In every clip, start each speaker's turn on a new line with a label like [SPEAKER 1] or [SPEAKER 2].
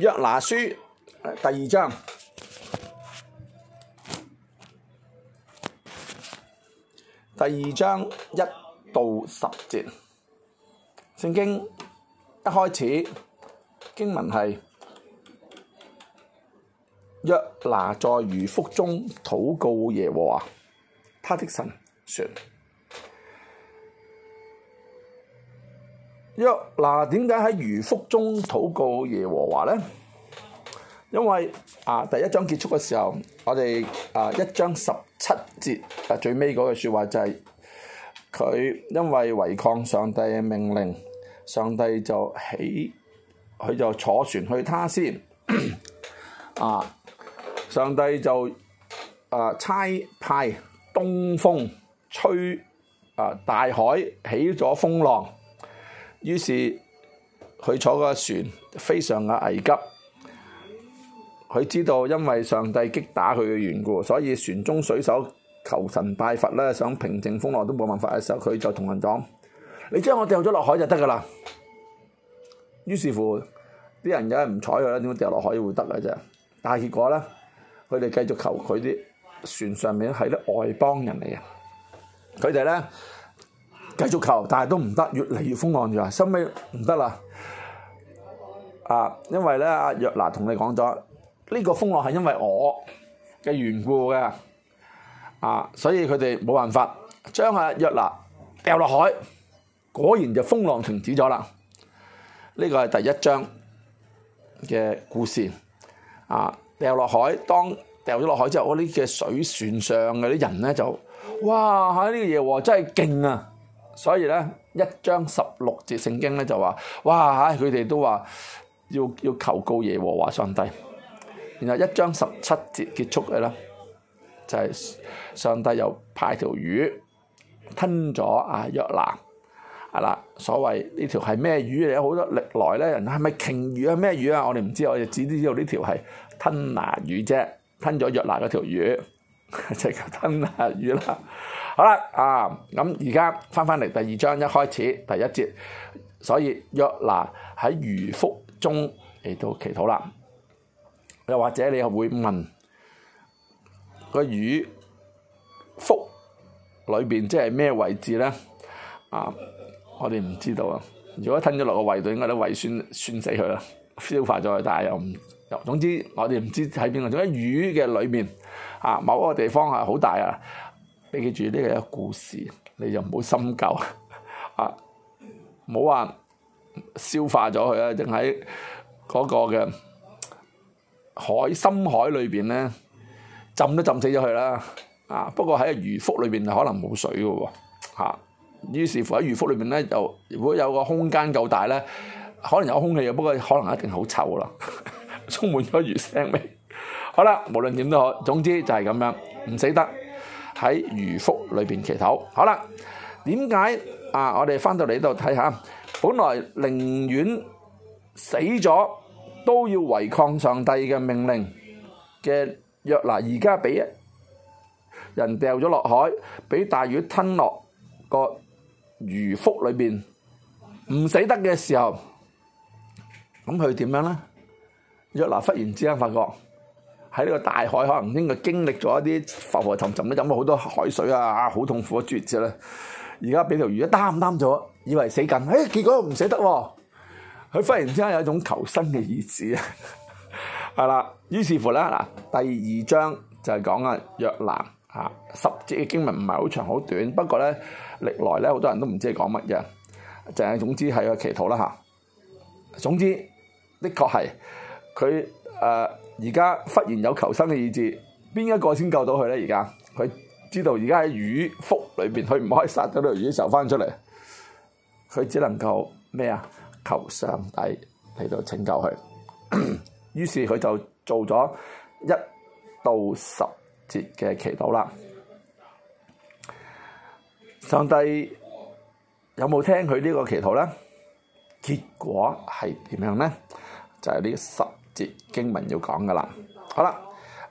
[SPEAKER 1] 約拿書第二章，第二章一到十節，聖經一開始經文係約拿在魚腹中禱告耶和華他的神說。嗱，點解喺魚腹中禱告耶和華咧？因為啊，第一章結束嘅時候，我哋啊一章十七節啊最尾嗰句説話就係、是、佢因為違抗上帝嘅命令，上帝就起佢就坐船去他先啊，上帝就啊差派東風吹啊大海起咗風浪。於是佢坐個船非常嘅危急，佢知道因為上帝擊打佢嘅緣故，所以船中水手求神拜佛咧，想平靜風浪都冇辦法嘅時候，佢就同人講：你將我掉咗落海就得㗎啦。於是乎啲人梗係唔睬佢啦，點樣掉落海會得㗎啫？但係結果咧，佢哋繼續求佢，啲船上面係啲外邦人嚟嘅，佢哋咧。繼續求，但係都唔得，越嚟越風浪住啊！收尾唔得啦，啊，因為咧，阿約拿同你講咗呢個風浪係因為我嘅緣故嘅，啊，所以佢哋冇辦法將阿約拿掉落海，果然就風浪停止咗啦。呢個係第一章嘅故事，啊，掉落海，當掉咗落海之後，我呢隻水船上嘅啲人咧就哇，嚇，呢個嘢真係勁啊！所以咧，一章十六節聖經咧就話，哇嚇佢哋都話要要求告耶和華上帝，然後一章十七節結束嘅啦，就係、是、上帝又派條魚吞咗啊約拿，啊啦所謂呢條係咩魚嚟？好多歷來咧人係咪鯨魚啊咩魚啊？我哋唔知，我哋只知知道呢條係吞拿魚啫，吞咗約拿嗰條魚，就叫、是、吞拿魚啦。好啦，啊，咁而家翻翻嚟第二章一開始第一節，所以約拿喺魚腹中嚟到祈禱啦。又或者你又會問個魚腹裏邊即係咩位置咧？啊，我哋唔知道啊。如果吞咗落個胃度，應該都胃酸酸死佢啦，消化咗佢，但係又唔，總之我哋唔知喺邊個。總之魚嘅裏面啊，某一個地方係好大啊。你記住呢個有故事，你就唔好深究啊！唔好話消化咗佢啊，正喺嗰個嘅海深海裏邊咧，浸都浸死咗佢啦！啊，不過喺個魚腹裏邊就可能冇水嘅喎，嚇、啊！於是乎喺魚腹裏邊咧，就如果有個空間夠大咧，可能有空氣啊，不過可能一定好臭啦、啊，充滿咗魚腥味。好啦，無論點都好，總之就係咁樣，唔死得。喺魚腹裏邊祈禱，好啦。點解啊？我哋返到嚟呢度睇下，本來寧願死咗都要違抗上帝嘅命令嘅約拿，而家俾人掉咗落海，俾大魚吞落個魚腹裏邊，唔死得嘅時候，咁佢點樣咧？約拿忽然之間發覺。喺呢個大海可能應該經歷咗一啲浮浮沉沉，都飲咗好多海水啊，好痛苦啊，諸如此類。而家俾條魚一擔擔咗，以為死緊，誒、哎，結果唔捨得了，佢忽然之間有一種求生嘅意思啊，係 啦。於是乎咧，嗱，第二章就係講啊約拿吓，十節嘅經文唔係好長好短，不過咧歷來咧好多人都唔知講乜嘢，就係總之係個祈禱啦吓。總之，是祈禱，啊、總之的確係佢誒。他呃而家忽然有求生嘅意志，邊一個先救到佢咧？而家佢知道而家喺魚腹裏邊，佢唔可以殺咗條魚就翻出嚟，佢只能夠咩啊？求上帝嚟到拯救佢。 於是佢就做咗一到十節嘅祈禱啦。上帝有冇聽佢呢個祈禱咧？結果係點樣咧？就係、是、呢十。經文要講噶啦，好啦，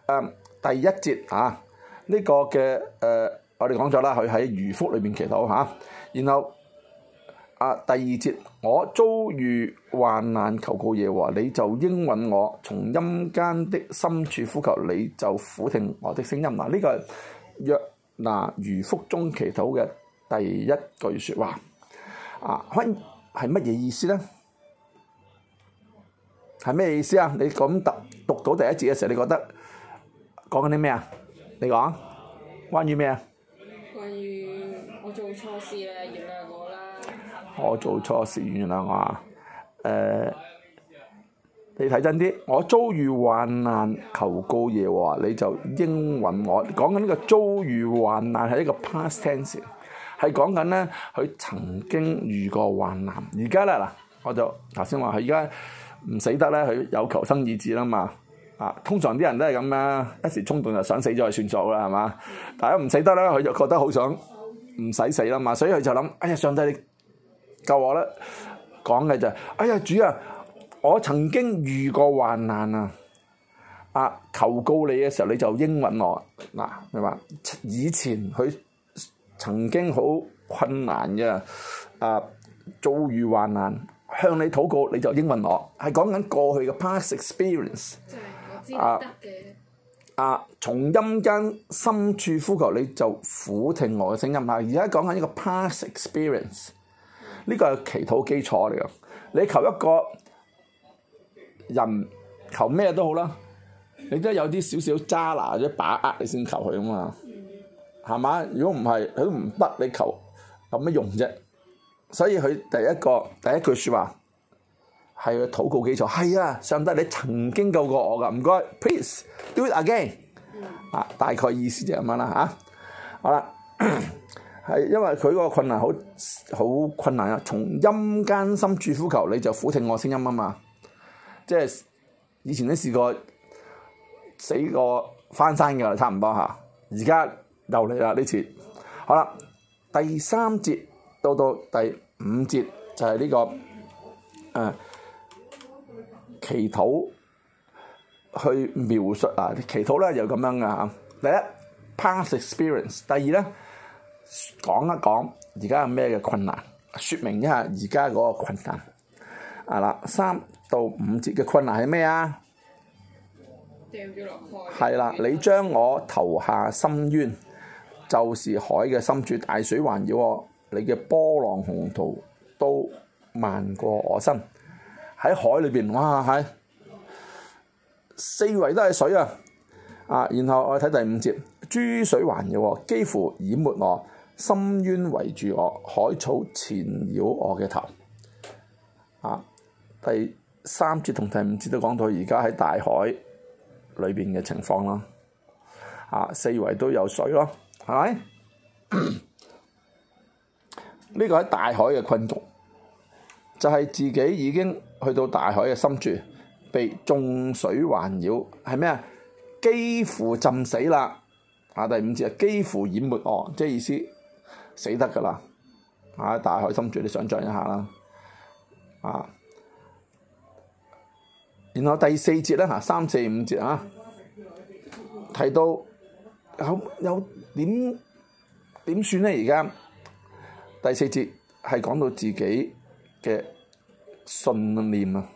[SPEAKER 1] 誒、嗯，第一節啊，呢、這個嘅誒、呃，我哋講咗啦，佢喺魚腹裏面祈禱吓、啊，然後啊，第二節，我遭遇患難，求告耶和華，你就應允我，從陰間的深處呼求，你就俯聽我的聲音。嗱、啊，呢、這個約拿魚腹中祈禱嘅第一句說話，啊，係乜嘢意思咧？係咩意思啊？你咁讀讀到第一節嘅時候，你覺得講緊啲咩啊？你講關於咩啊？關於我做錯事啦，原諒我啦。我做錯事，事，原諒我。誒、呃，你睇真啲。我遭遇患難，求告耶，你就應允我。講緊呢個遭遇患難係一個 past tense，係講緊咧佢曾經遇過患難，而家咧嗱，我就頭先話佢而家。唔死得咧，佢有求生意志啦嘛。啊，通常啲人都係咁啦，一時衝動就想死咗就算數啦，係嘛？但係唔死得咧，佢就覺得好想唔使死啦嘛，所以佢就諗：哎呀，上帝，你救我啦！講嘅就是：哎呀，主啊，我曾經遇過患難啊！啊，求告你嘅時候，你就應允我。嗱、啊，明白？以前佢曾經好困難嘅啊，遭遇患難。向你禱告，你就應允我，係講緊過去嘅 past experience，啊啊，從陰間深處呼求，你就俯聽我嘅聲音啊！而家講緊呢個 past experience，呢個係祈禱基礎嚟㗎。你求一個人，求咩都好啦，你都係有啲少少揸拿或者把握你，你先求佢啊嘛，係嘛？如果唔係，佢都唔得，你求有咩用啫？所以佢第一個第一句説話係佢禱告基礎，係啊，上帝，你曾經救過我噶，唔該，please do it again、mm-hmm.。啊，大概意思就咁樣啦、啊、吓、啊，好啦，係 因為佢個困難好好困難啊，從陰間深處呼求，你就俯聽我聲音啊嘛。即係以前都試過死過翻生嘅，差唔多吓，而家又嚟啦呢次。好啦，第三節。到到第五節就係、是、呢、這個、呃、祈禱去描述啊！祈禱咧就咁樣嘅嚇。第一 past experience，第二咧講一講而家有咩嘅困難，說明一下而家嗰個困難啊啦、嗯。三到五節嘅困難係咩啊？係啦，你將我投下深淵，就是海嘅深處，大水環繞我。你嘅波浪洪濤都漫過我身，喺海裏邊，哇係四圍都係水啊！啊，然後我睇第五節，諸水環繞我，幾乎淹沒我，深淵圍住我，海草纏繞我嘅頭。啊，第三節同第五節都講到而家喺大海裏邊嘅情況咯。啊，四圍都有水咯，係咪？ 呢、這個喺大海嘅困局，就係、是、自己已經去到大海嘅深處，被眾水環繞，係咩啊？幾乎浸死啦！啊，第五節啊，幾乎淹沒我，即、哦、係意思死得㗎啦！啊，大海深處，你想象一下啦，啊。然後第四節咧嚇，三四五節啊，提到有有點點算咧而家。第四節係講到自己嘅信念啊，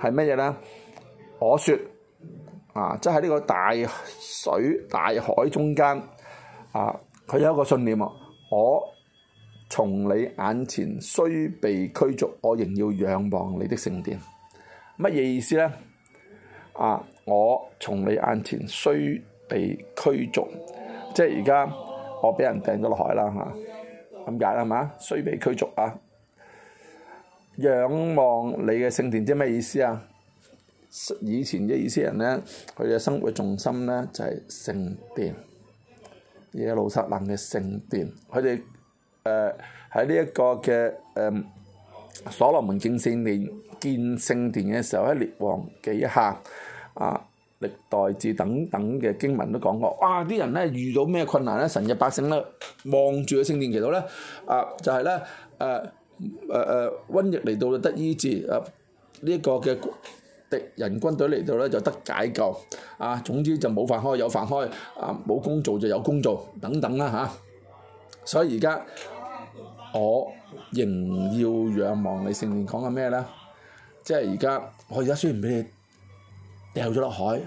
[SPEAKER 1] 係乜嘢咧？我説啊，即係呢個大水大海中間啊，佢有一個信念啊，我從你眼前雖被驅逐，我仍要仰望你的聖殿。乜嘢意思咧？啊，我從你眼前雖被驅逐，即係而家我俾人掟咗落海啦嚇。咁解啦，係嘛？雖被驅逐啊！仰望你嘅聖殿，即咩意思啊？以前嘅意思，人咧佢嘅生活重心咧就係聖殿，耶路撒冷嘅聖殿。佢哋誒喺呢一個嘅誒所羅門建聖殿、建聖殿嘅時候喺列王記下啊。歷代志等等嘅經文都講過，啊，啲人咧遇到咩困難咧，神嘅百姓咧望住嘅聖殿祈禱咧，啊，就係咧，誒誒誒瘟疫嚟到就得醫治，啊呢個嘅敵人軍隊嚟到咧就得解救，啊，總之就冇飯開有飯開，啊冇工做就有工做，等等啦嚇。所以而家我仍要仰望你聖殿講緊咩咧？即係而家我而家雖然俾你。掉咗落海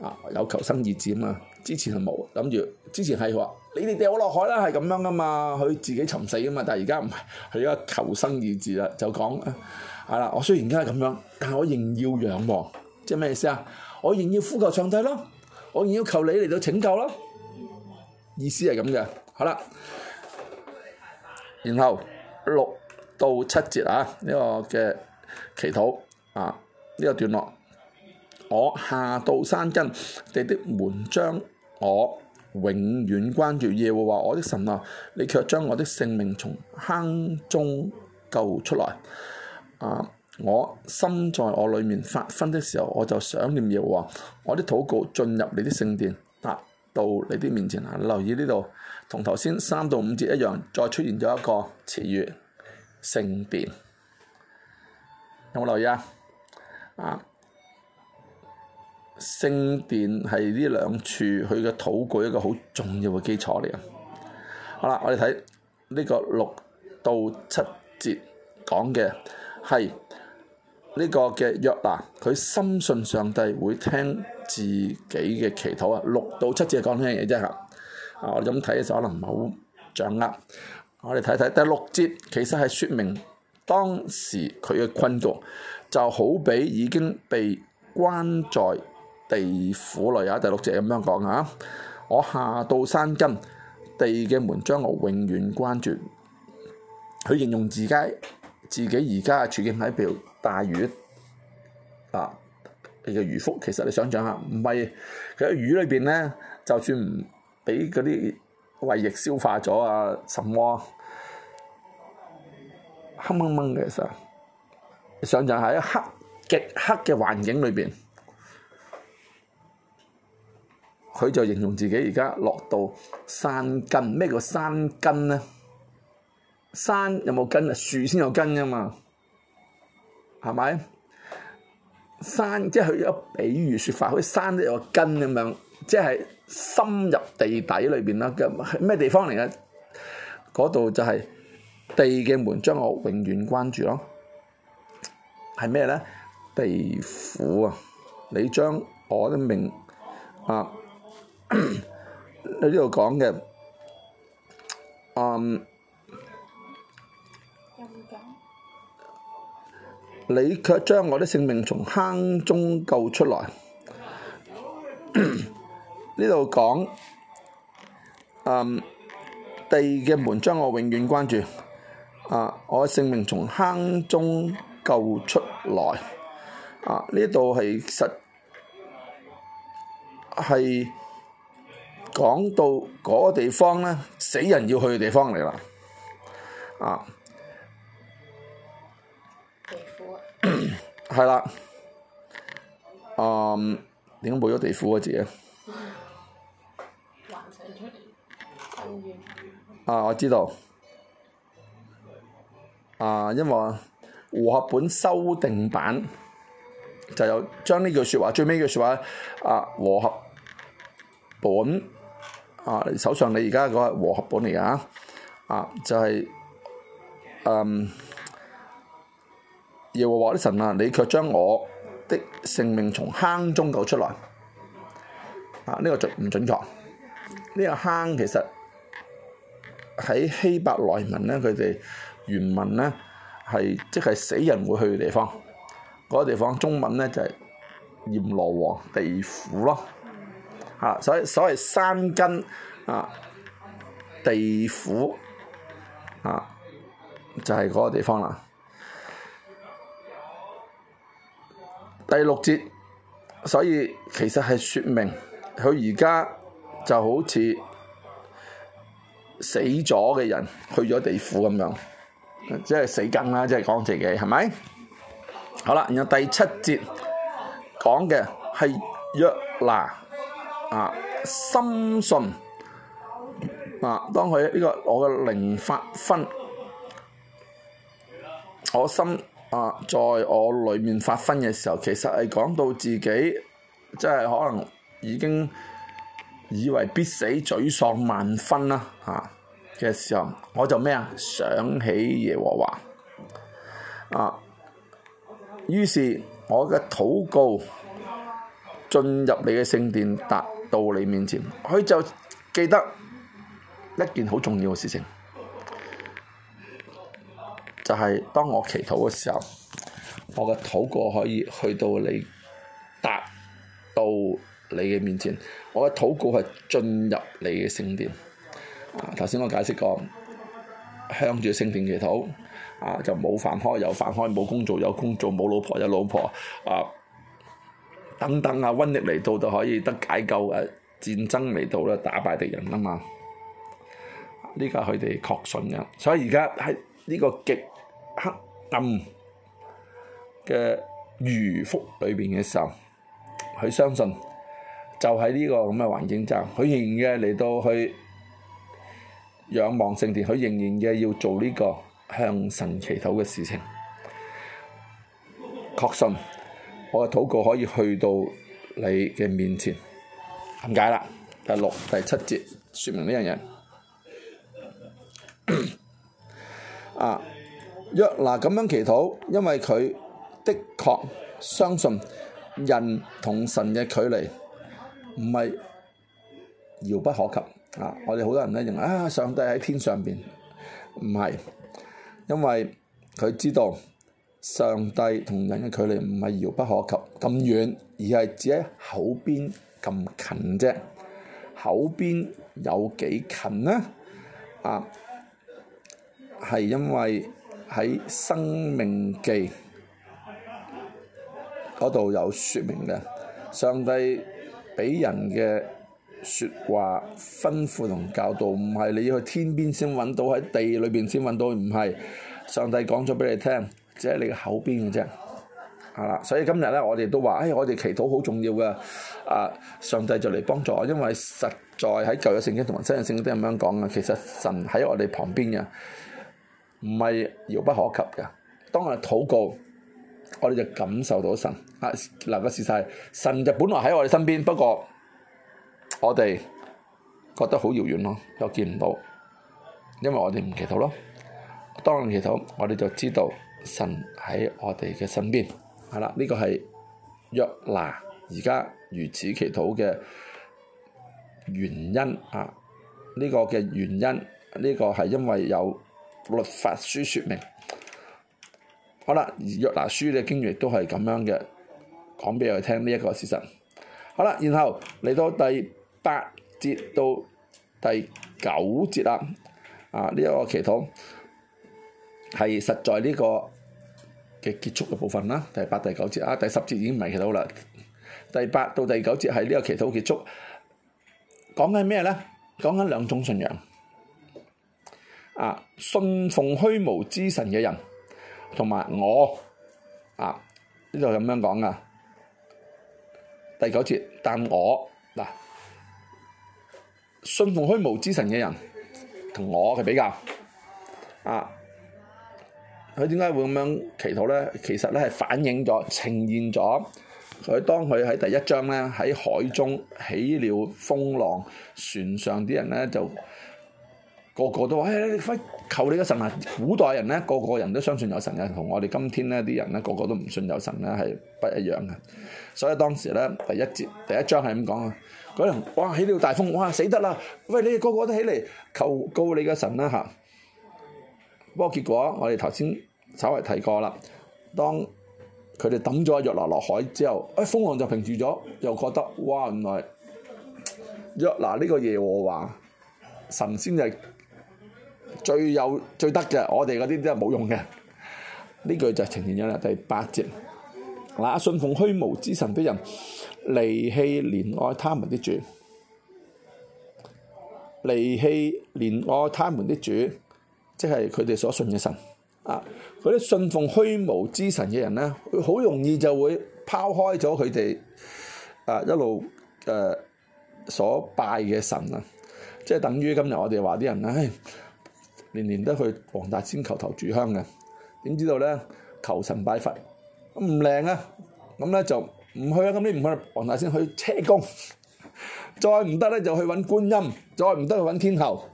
[SPEAKER 1] 啊！有求生意志啊嘛！之前係冇諗住，之前係話你哋掉我落海啦，係咁樣噶嘛，佢自己尋死啊嘛！但係而家唔係，佢而家求生意志啦，就講啊係啦。我雖然而家係咁樣，但係我仍要仰望，即係咩意思啊？我仍要呼求上帝咯，我仍要求你嚟到拯救咯。意思係咁嘅，好啦。然後六到七節啊，呢個嘅祈禱啊，呢個段落。我下到山根，你的門將我永遠關住。耶和華，我的神啊，你卻將我的性命從坑中救出來。啊，我心在我裏面發昏的時候，我就想念耶和華。我的禱告進入你的聖殿，啊，到你的面前啊，留意呢度，同頭先三到五節一樣，再出現咗一個詞語聖殿，有冇留意啊？啊！聖殿係呢兩處，佢嘅土壘一個好重要嘅基礎嚟。好啦，我哋睇呢個六到七節講嘅係呢個嘅約拿，佢深信上帝會聽自己嘅祈禱啊。六到七節係講咩嘢啫？嚇！啊，我哋咁睇嘅時候，可能唔係好掌握。我哋睇睇，第六節其實係說明當時佢嘅困局，就好比已經被關在。地府裏啊，第六隻咁樣講啊，我下到山根，地嘅門將我永遠關住。佢形容自己自己而家嘅處境喺譬如大魚啊、你嘅魚腹，其實你想象下唔係佢喺魚裏邊呢，就算唔畀嗰啲胃液消化咗啊，什麼黑濛濛嘅，其實，你想象喺黑極黑嘅環境裏邊。佢就形容自己而家落到山根，咩叫山根咧？山有冇根啊？樹先有根㗎嘛，係咪？山即係佢有一個比喻説法，佢山都有根咁樣，即係深入地底裏邊啦。咁咩地方嚟嘅？嗰度就係地嘅門，將我永遠關住咯。係咩咧？地府啊！你將我的命啊～你呢度講嘅，你卻將我的性命從坑中救出來。呢度講，地嘅門將我永遠關住，啊。我嘅性命從坑中救出來。呢度係實係。講到嗰個地方咧，死人要去嘅地方嚟啦，啊，地府啊，係啦， 啊，點解冇咗地府嗰字啊？自己 啊，我知道，啊，因為和、啊《和合本》修訂版就有將呢句説話，最尾句説話啊，《和合本》啊，手上你而家嗰個係和合本嚟㗎啊就係、是、誒、嗯、耶和華啲神啊，你卻將我的性命從坑中救出來。啊，呢、這個準唔準確？呢、這個坑其實喺希伯來文咧，佢哋原文咧係即係死人會去嘅地方，嗰、那個地方中文咧就係閻羅王地府咯。嚇、啊，所以所謂三根啊，地府啊，就係、是、嗰個地方啦。第六節，所以其實係説明佢而家就好似死咗嘅人去咗地府咁樣，即、就、係、是、死更啦，即係講自己係咪？好啦，然後第七節講嘅係約拿。啊，深信嗱、啊，當佢呢、這個我嘅靈發昏，我心啊，在我裏面發昏嘅時候，其實係講到自己，即係可能已經以為必死，沮喪萬分啦，嚇、啊、嘅時候，我就咩啊？想起耶和華啊，於是我禱，我嘅禱告進入你嘅聖殿達。達到你面前，佢就記得一件好重要嘅事情，就係當我祈禱嘅時候，我嘅禱告可以去到你，達到你嘅面前，我嘅禱告係進入你嘅聖殿。啊，頭先我解釋過，向住聖殿祈禱，啊就冇飯開有飯開，冇工做有工做，冇老婆有老婆，啊。等等啊瘟疫嚟到就可以得解救啊！戰爭嚟到啦，打敗敵人啊嘛！呢個佢哋確信嘅，所以而家喺呢個極黑暗嘅魚腹裏邊嘅時候，佢相信就喺呢個咁嘅環境就，佢仍然嘅嚟到去仰望聖殿，佢仍然嘅要做呢個向神祈禱嘅事情，確信。我嘅禱告可以去到你嘅面前，唔解啦。第六、第七節說明呢樣嘢。啊，約拿咁樣祈禱，因為佢的確相信人同神嘅距離唔係遙不可及啊！我哋好多人咧認為啊，上帝喺天上邊，唔係，因為佢知道。上帝同人嘅距離唔係遙不可及咁遠，而係只喺口邊咁近啫。口邊有幾近呢？啊，係因為喺《申命記》嗰度有説明嘅，上帝畀人嘅説話吩咐同教導，唔係你要去天邊先揾到，喺地裏邊先揾到，唔係，上帝講咗畀你聽。只喺你嘅口邊嘅啫，係啦。所以今日咧、哎，我哋都話，誒，我哋祈禱好重要嘅。啊，上帝就嚟幫助我，因為實在喺舊約聖經同埋新約聖經都咁樣講嘅。其實神喺我哋旁邊嘅，唔係遙不可及嘅。當我哋禱告，我哋就感受到神啊，嗱、哎、個事實係神就本來喺我哋身邊，不過我哋覺得好遙遠咯，又見唔到，因為我哋唔祈禱咯。當我哋祈禱，我哋就知道。神喺我哋嘅身邊，係啦，呢個係約拿而家如此祈禱嘅原因啊！呢個嘅原因，呢個係因為有律法書説明。好啦，約拿書嘅經歷都係咁樣嘅，講俾我哋聽呢一個事實。好啦，然後嚟到第八節到第九節啦，啊，呢一個祈禱係實在呢個。嘅結束嘅部分啦，第八、第九節啊，第十節已經唔係祈禱啦。第八到第九節係呢個祈禱結束，講緊咩咧？講緊兩種信仰，啊，信奉虛無之神嘅人同埋我，啊，呢度係咁樣講㗎。第九節，但我嗱、啊，信奉虛無之神嘅人同我去比較，啊。佢點解會咁樣祈禱咧？其實咧係反映咗、呈現咗。佢當佢喺第一章咧，喺海中起了風浪，船上啲人咧就個個都話，哎，你快求你個神啊！古代人咧，個個人都相信有神嘅、啊，同我哋今天咧啲人咧，個個都唔信有神咧、啊，係不一樣嘅。所以當時咧，第一節第一章係咁講啊！可能哇，起了大風，哇，死得啦！喂，你哋個個都起嚟求告你個神啦、啊、嚇、啊。不過結果，我哋頭先，稍微提過啦，當佢哋抌咗約拿落海之後，哎，風浪就平住咗，又覺得哇，原來約拿呢個耶和華神仙就最有最得嘅，我哋嗰啲真係冇用嘅。呢句就呈現咗啦。第八節嗱，信奉虛無之神的人離棄憐愛他們的主，離棄憐愛他們的主，即係佢哋所信嘅神啊。嗰啲信奉虛無之神嘅人咧，好容易就會拋開咗佢哋啊一路誒、啊、所拜嘅神啊，即係等於今日我哋話啲人，唉、哎，年年都去黃大仙求頭炷香嘅、啊，點知道咧求神拜佛咁唔靈啊？咁咧就唔去啊！咁你唔去黃大仙，去車公，再唔得咧就去揾觀音，再唔得去揾天后，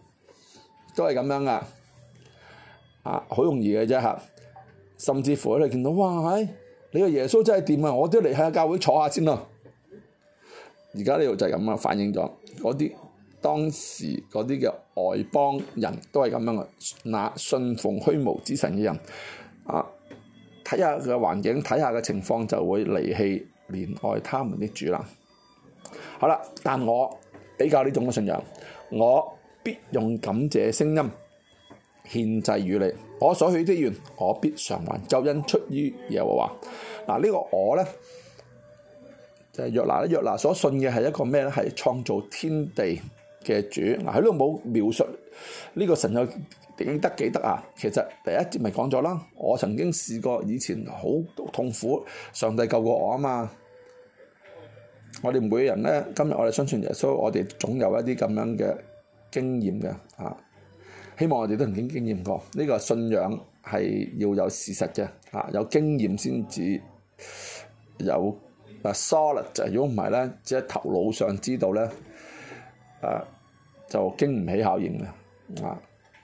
[SPEAKER 1] 都係咁樣噶、啊，啊，好容易嘅啫嚇。甚至乎你見到哇，你個耶穌真係掂啊！我都嚟喺教會坐下先啦。而家呢度就係咁啊，反映咗嗰啲當時嗰啲嘅外邦人都係咁樣嘅，那信奉虛無之神嘅人啊，睇下個環境，睇下個情況，就會離棄、憐愛他們的主啦。好啦，但我比較呢種嘅信仰，我必用感謝聲音，獻祭與你，我所許的願，我必償還。就因出於耶和華。嗱，呢個我咧，就係約拿咧，約拿所信嘅係一個咩咧？係創造天地嘅主。嗱，佢都冇描述呢個神有幾得幾得啊！其實第一節咪講咗啦，我曾經試過以前好痛苦，上帝救過我啊嘛。我哋每個人咧，今日我哋相信耶穌，我哋總有一啲咁樣嘅經驗嘅啊。希望我哋都曾經經驗過，呢個信仰係要有事實嘅嚇，有經驗先至有啊 solid。如果唔係咧，只係頭腦上知道咧，誒就經唔起考驗嘅啊。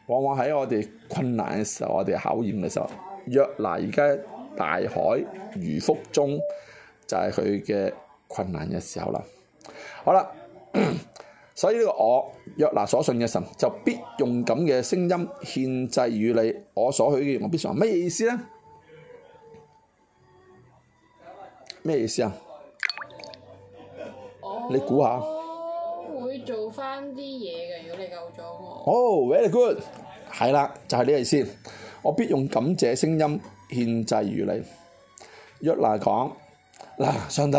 [SPEAKER 1] 往往喺我哋困難嘅時候，我哋考驗嘅時候，約拿而家大海魚腹中，就係佢嘅困難嘅時候啦。好啦。 所以呢個我約拿所信嘅神就必用咁嘅聲音獻祭與你，我所許嘅願我必償還。咩意思呢？咩意思啊？Oh, 你估下？我會做翻啲嘢嘅，如果你救咗我。哦、oh，very good，係啦，就係、是、呢個意思。我必用感謝聲音獻祭與你。約拿講：嗱，上帝，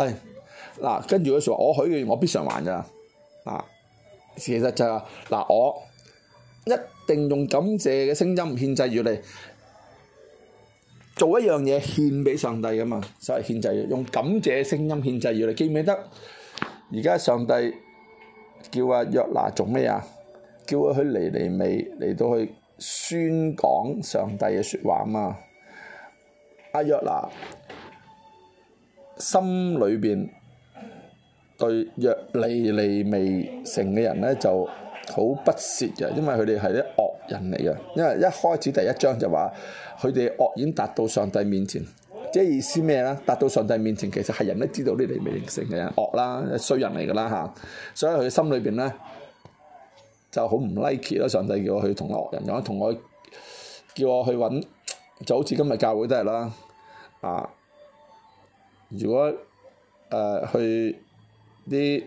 [SPEAKER 1] 嗱，跟住佢就話我許嘅願我必償還㗎。嗱。其實就係嗱，我一定用感謝嘅聲音獻祭於你，做一樣嘢獻畀上帝㗎嘛，所謂獻祭如用感謝嘅聲音獻祭於你，記唔記得？而家上帝叫阿約拿做咩啊？叫佢去尼尼微嚟到去宣講上帝嘅説話嘛。阿約拿心裏邊。對若尼尼微城嘅人咧，就好不屑嘅，因為佢哋係啲惡人嚟嘅。因為一開始第一章就話佢哋惡已經達到上帝面前，即係意思咩咧？達到上帝面前，其實係人都知道尼尼微城嘅人，惡啦，衰人嚟㗎啦吓，所以佢心裏邊咧就好唔 like 咯。上帝叫我去同啲惡人講，同我叫我去揾，就好似今日教會都係啦。啊，如果誒、呃、去。啲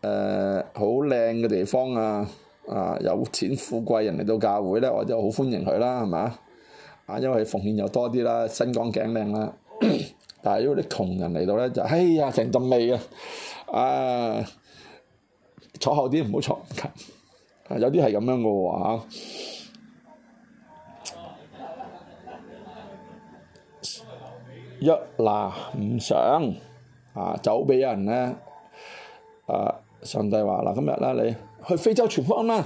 [SPEAKER 1] 誒好靚嘅地方啊，啊有錢富貴人嚟到教會咧，我就好歡迎佢啦，係嘛？啊，因為奉獻又多啲啦，身光頸靚啦。 但係如果啲窮人嚟到咧，就哎呀成陣味啊！啊，坐後啲唔好坐 有啲係咁樣嘅喎、啊。一拿唔想。啊！走畀人咧，啊！上帝話：嗱，今日啦，你去非洲傳福音啦，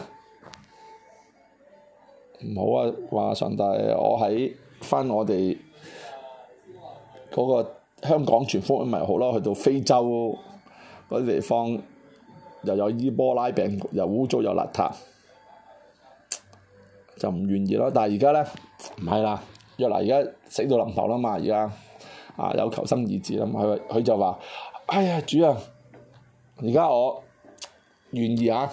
[SPEAKER 1] 唔好啊！話上帝，我喺翻我哋嗰個香港傳福音咪好咯，去到非洲嗰啲地方又有伊波拉病，又污糟又邋遢，就唔願意咯。但係而家咧唔係啦，約拿而家死到臨頭啦嘛，而家。啊，有求生意志啦，咁佢佢就話：哎呀主啊，而家我願意啊，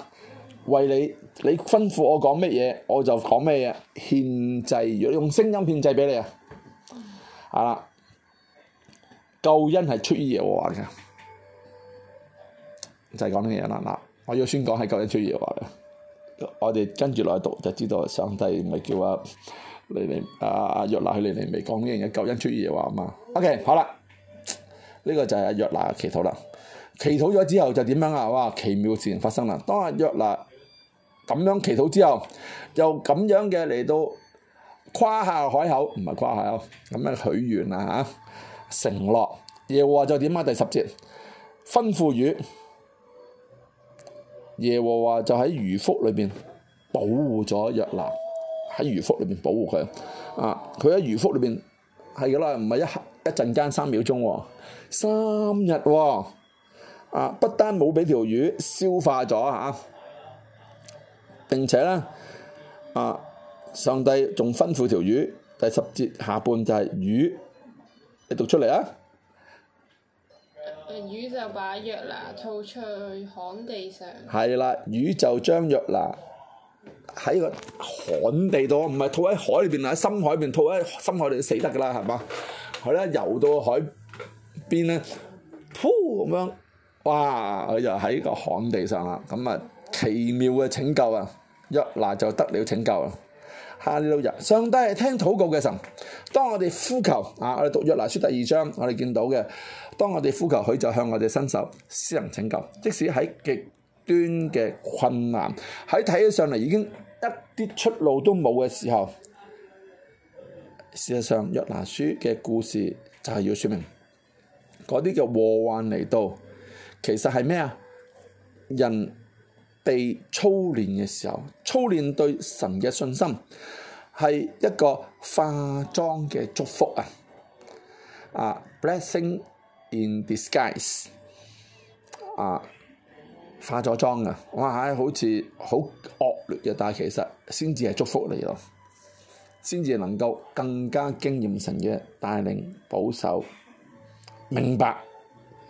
[SPEAKER 1] 為你，你吩咐我講乜嘢，我就講乜嘢，獻祭，用聲音獻祭畀你啊，啊、嗯，救恩係出於耶和華嘅，就係講呢樣嘢啦，嗱，我要宣講係救恩出於耶和華嘅，我哋跟住落去讀就知道上帝咪叫我、啊。你尼啊若拿去你尼未講呢樣嘢，救恩出於嘅話嘛？O K，好啦，呢、這個就係若拿嘅祈禱啦。祈禱咗之後就點樣啊？哇！奇妙事情發生啦。當阿若拿咁樣祈禱之後，又咁樣嘅嚟到跨下海口，唔係跨下哦，咁樣許願啊吓，承諾。耶和華就點啊？第十節吩咐魚，耶和華就喺魚腹裏邊保護咗若拿。喺魚腹裏面保護佢，啊！佢喺魚腹裏面，係噶啦，唔係一刻一陣間三秒鐘，三日喎、啊，啊！不單冇俾條魚消化咗嚇、啊，並且咧，啊！上帝仲吩咐條魚第十節下半就係魚，你讀出嚟啊、呃！魚就把約拿吐出去旱地上。係啦，魚就將約拿。喺個旱地度，唔係套喺海裏邊喺深海邊，套喺深海裏，深海裏就死得噶啦，係嘛？係啦，游到海邊咧，噗，咁樣，哇！佢就喺個旱地上啦，咁啊奇妙嘅拯救啊！約拿就得了拯救啊！哈利路亞，上帝係聽禱告嘅神，當我哋呼求啊，我哋讀約拿書第二章，我哋見到嘅，當我哋呼求，佢就向我哋伸手，私人拯救，即使喺極。端嘅困難喺睇起上嚟已經一啲出路都冇嘅時候，事實上約拿書嘅故事就係要説明嗰啲叫禍患嚟到，其實係咩啊？人哋操練嘅時候，操練對神嘅信心係一個化妝嘅祝福啊！啊，blessing in disguise 啊！化咗妝㗎，哇！唉，好似好惡劣嘅，但係其實先至係祝福你咯，先至能夠更加經驗神嘅帶領、保守、明白、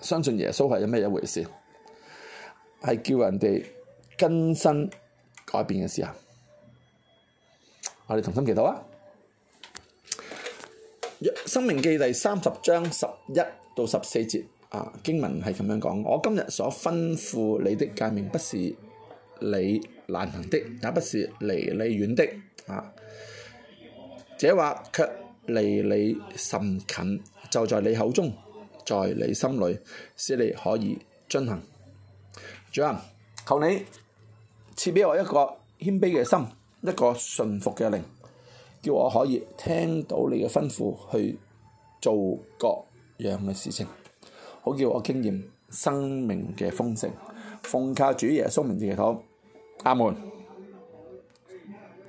[SPEAKER 1] 相信耶穌係有咩一回事，係叫人哋更新改變嘅時候，我哋同心祈禱啊！《申命記》第三十章十一到十四節。啊，經文係咁樣講，我今日所吩咐你的誡命，不是你難行的，也不是離你遠的，啊，這話卻離你甚近，就在你口中，在你心裏，使你可以遵行。主啊，求你賜俾我一個謙卑嘅心，一個順服嘅靈，叫我可以聽到你嘅吩咐去做各樣嘅事情。好叫我經驗生命嘅豐盛，奉靠主耶穌名字嘅祈禱，阿門。